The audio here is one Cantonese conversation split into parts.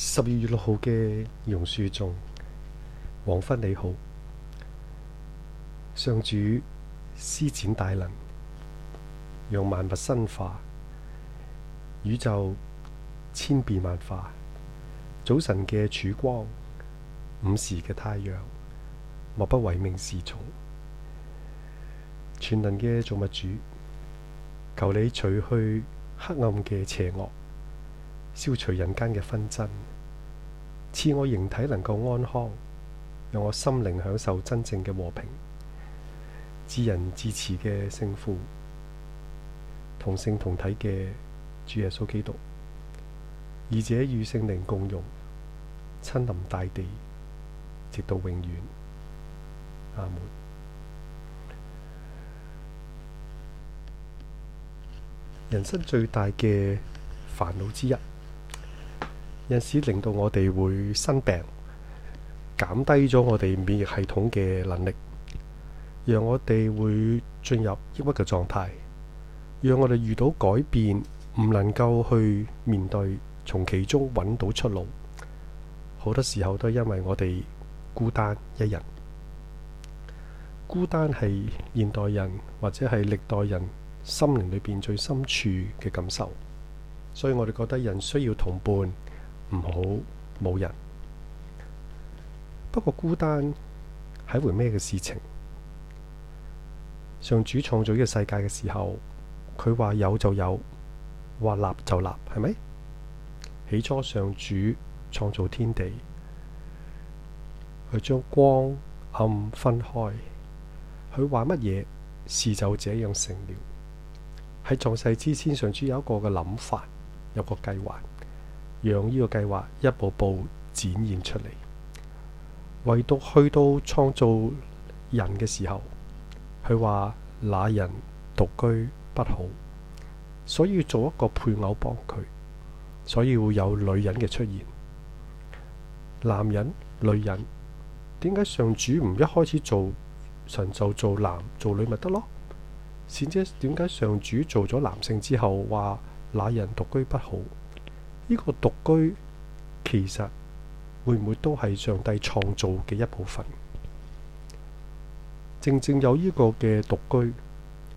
十二月六號嘅榕樹中，黃昏，你好，上主施展大能，讓萬物生化，宇宙千變萬化。早晨嘅曙光，午時嘅太陽，莫不唯命是從。全能嘅造物主，求你除去黑暗嘅邪惡。消除人間嘅紛爭，賜我形體能夠安康，讓我心靈享受真正嘅和平。至仁至慈嘅聖父，同聖同體嘅主耶穌基督，二者與聖靈共融，親臨大地，直到永遠。阿門。人生最大嘅煩惱之一。有時令到我哋會生病，減低咗我哋免疫系統嘅能力，讓我哋會進入抑鬱嘅狀態，讓我哋遇到改變，唔能夠去面對，從其中揾到出路。好多時候都係因為我哋孤單一人，孤單係現代人或者係歷代人心靈裏邊最深處嘅感受，所以我哋覺得人需要同伴。唔好冇人，不過孤單係一回咩嘅事情？上主創造呢個世界嘅時候，佢話有就有，話立就立，係咪？起初上主創造天地，佢將光暗分開，佢話乜嘢事就這樣成了？喺創世之前，上主有一個嘅諗法，有個計劃。讓呢個計劃一步步展現出嚟。唯獨去到創造人嘅時候，佢話那人獨居不好，所以要做一個配偶幫佢，所以會有女人嘅出現。男人、女人，點解上主唔一開始做神就做男做女咪得咯？善者點解上主做咗男性之後話那人獨居不好？呢個獨居其實會唔會都係上帝創造嘅一部分？正正有呢個嘅獨居，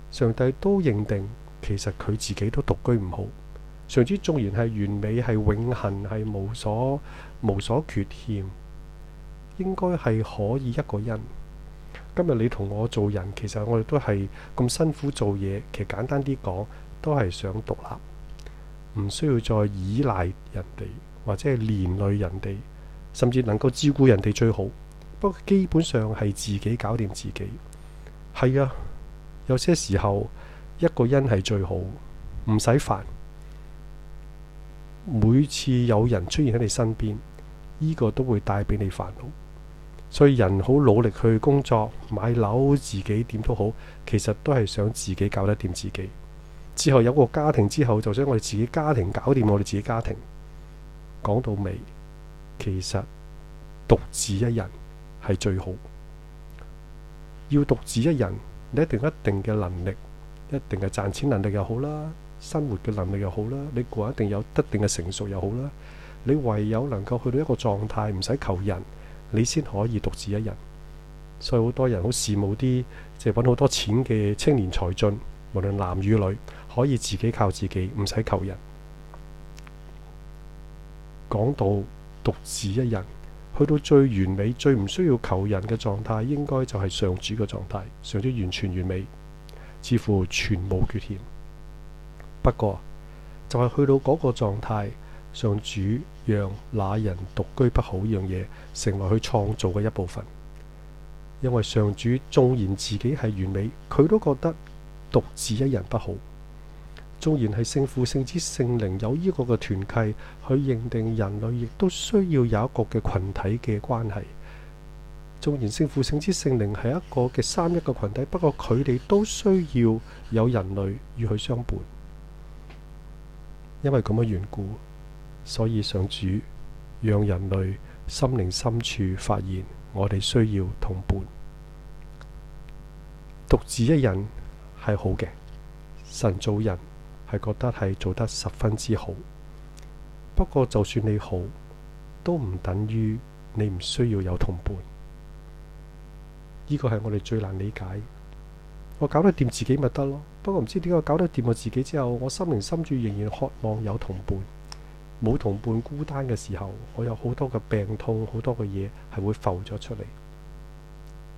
上帝都認定其實佢自己都獨居唔好。上主，縱然係完美、係永恆、係無所無所缺欠，應該係可以一個人。今日你同我做人，其實我哋都係咁辛苦做嘢，其實簡單啲講，都係想獨立。唔需要再倚賴人哋，或者係連累人哋，甚至能夠照顧人哋最好。不過基本上係自己搞掂自己。係啊，有些時候一個人係最好，唔使煩。每次有人出現喺你身邊，呢個都會帶俾你煩惱。所以人好努力去工作、買樓、自己點都好，其實都係想自己搞得掂自己。之後有個家庭之後，就想我哋自己家庭搞掂我哋自己家庭。講到尾，其實獨自一人係最好。要獨自一人，你一定有一定嘅能力，一定嘅賺錢能力又好啦，生活嘅能力又好啦，你個一定有特定嘅成熟又好啦。你唯有能夠去到一個狀態，唔使求人，你先可以獨自一人。所以好多人好羨慕啲即係搵好多錢嘅青年才俊，無論男與女。可以自己靠自己，唔使求人。講到獨自一人，去到最完美、最唔需要求人嘅狀態，應該就係上主嘅狀態。上主完全完美，似乎全無缺陷。不過就係去到嗰個狀態，上主讓那人獨居不好一樣嘢，成為佢創造嘅一部分，因為上主縱然自己係完美，佢都覺得獨自一人不好。縱然係聖父、聖子、聖靈有呢個嘅團契，去認定人類亦都需要有一個嘅群體嘅關係。縱然聖父、聖子、聖靈係一個嘅三一個群體，不過佢哋都需要有人類與佢相伴，因為咁嘅緣故，所以上主讓人類心靈深處發現，我哋需要同伴，獨自一人係好嘅。神造人。係覺得係做得十分之好，不過就算你好，都唔等於你唔需要有同伴。呢個係我哋最難理解。我搞得掂自己咪得咯，不過唔知點解我搞得掂我自己之後，我心靈深處仍然渴望有同伴。冇同伴孤單嘅時候，我有好多嘅病痛，好多嘅嘢係會浮咗出嚟。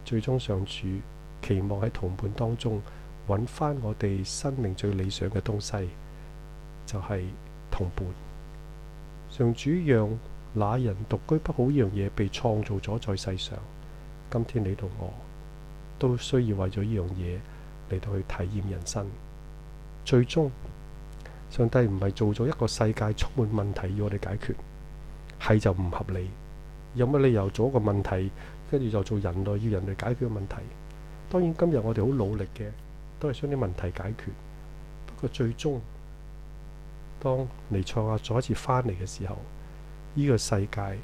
最終上主期望喺同伴當中。揾翻我哋生命最理想嘅東西，就係同伴。上主讓那人獨居不好，呢樣嘢被創造咗在世上。今天你同我都需要為咗呢樣嘢嚟到去體驗人生。最終，上帝唔係做咗一個世界充滿問題要我哋解決，係就唔合理。有乜理由做一個問題，跟住就做人類要人類解決嘅問題？當然，今日我哋好努力嘅。都係將啲問題解決。不過最終，當尼賽亞再一次返嚟嘅時候，呢個世界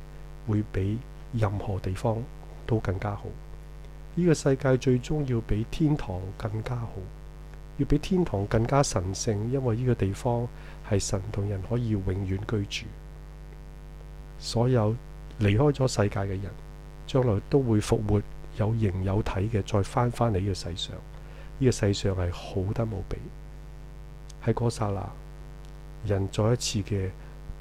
會比任何地方都更加好。呢個世界最終要比天堂更加好，要比天堂更加神聖，因為呢個地方係神同人可以永遠居住。所有離開咗世界嘅人，將來都會復活，有形有體嘅，再翻返嚟呢個世上。呢個世上係好得無比，喺嗰剎那，人再一次嘅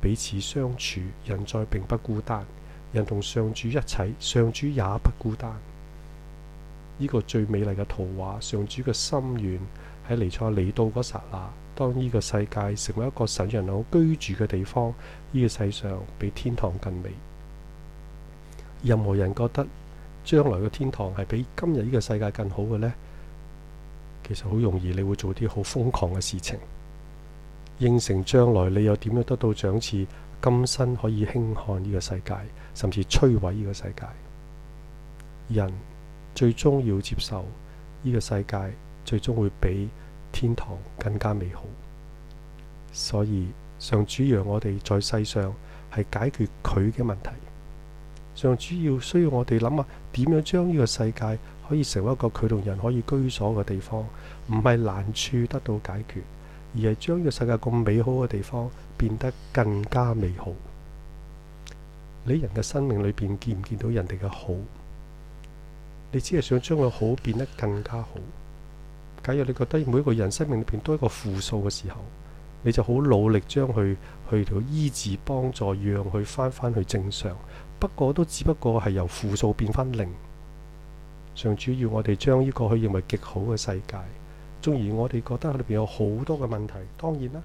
彼此相處，人再並不孤單，人同上主一齊，上主也不孤單。呢個最美麗嘅圖畫，上主嘅心願喺尼咗嚟到嗰剎那，當呢個世界成為一個神人好居住嘅地方，呢個世上比天堂更美。任何人覺得將來嘅天堂係比今日呢個世界更好嘅呢？其實好容易，你會做啲好瘋狂嘅事情。應承將來你又點樣得到獎勵？今生可以輕看呢個世界，甚至摧毀呢個世界。人最終要接受呢個世界，最終會比天堂更加美好。所以上主讓我哋在世上係解決佢嘅問題。上主要需要我哋諗下點樣將呢個世界。可以成為一個佢同人可以居所嘅地方，唔係難處得到解決，而係將呢個世界咁美好嘅地方變得更加美好。你人嘅生命裏邊見唔見到人哋嘅好？你只係想將佢好變得更加好。假如你覺得每個人生命裏邊都係一個負數嘅時候，你就好努力將佢去到醫治、幫助，讓佢翻翻去正常。不過都只不過係由負數變翻零。上主要，我哋將呢個過去認為極好嘅世界，中而我哋覺得佢裏邊有好多嘅問題。當然啦，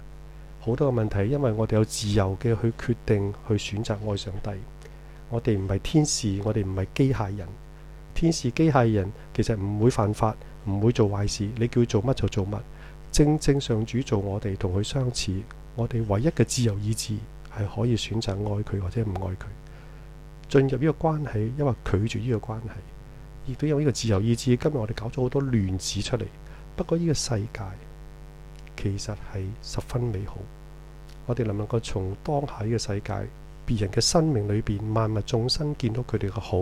好多嘅問題，因為我哋有自由嘅去決定去選擇愛上帝。我哋唔係天使，我哋唔係機械人。天使、機械人其實唔會犯法，唔會做壞事。你叫做乜就做乜。正正上主做我哋同佢相似，我哋唯一嘅自由意志係可以選擇愛佢或者唔愛佢，進入呢個關係，因為拒絕呢個關係。亦都有呢個自由意志。今日我哋搞咗好多亂子出嚟，不過呢個世界其實係十分美好。我哋能唔能夠從當下呢個世界，別人嘅生命裏邊，萬物眾生見到佢哋嘅好，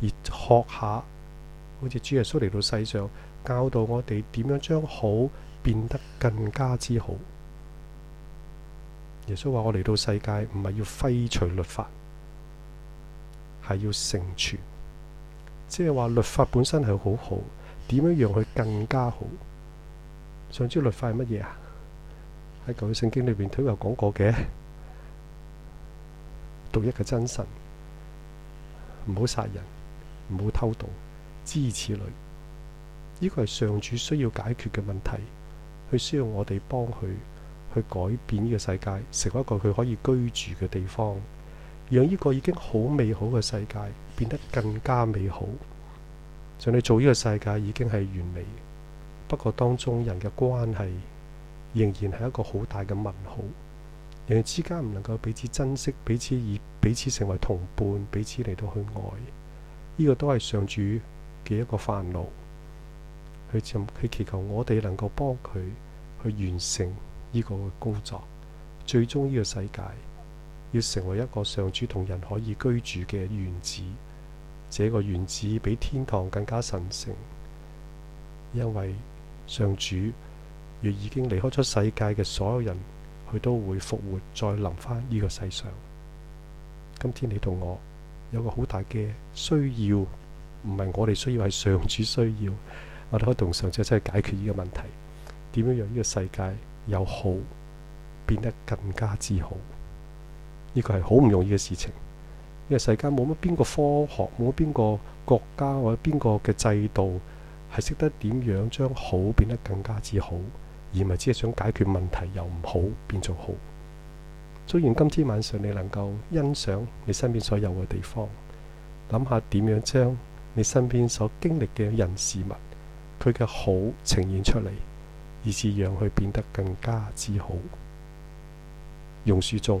而學下好似主耶穌嚟到世上教導我哋點樣將好變得更加之好。耶穌話：我嚟到世界唔係要廢除律法，係要成全。即係話律法本身係好好，點樣讓佢更加好？上主律法係乜嘢啊？喺舊嘅聖經裏邊都有講過嘅，獨一嘅真神，唔好殺人，唔好偷盜，諸如此類。呢個係上主需要解決嘅問題，佢需要我哋幫佢去改變呢個世界，成為一個佢可以居住嘅地方。讓呢個已經好美好嘅世界變得更加美好。上帝做呢個世界已經係完美嘅，不過當中人嘅關係仍然係一個好大嘅問號。人哋之間唔能夠彼此珍惜，彼此以彼此成為同伴，彼此嚟到去愛。呢個都係上主嘅一個煩惱。佢就佢祈求我哋能夠幫佢去完成呢個工作，最終呢個世界，要成為一個上主同人可以居住嘅園子，這個園子比天堂更加神聖，因為上主若已經離開咗世界嘅所有人，佢都會復活再臨返呢個世上。今天你同我有個好大嘅需要，唔係我哋需要，係上主需要。我哋可以同上主一齊解決呢個問題，點樣讓呢個世界由好變得更加之好？呢個係好唔容易嘅事情，呢個世界冇乜邊個科學，冇乜邊個國家或者邊個嘅制度係識得點樣將好變得更加之好，而唔係只係想解決問題由唔好變做好。雖然今天晚上你能夠欣賞你身邊所有嘅地方，諗下點樣將你身邊所經歷嘅人事物佢嘅好呈現出嚟，以至讓佢變得更加之好。用樹中。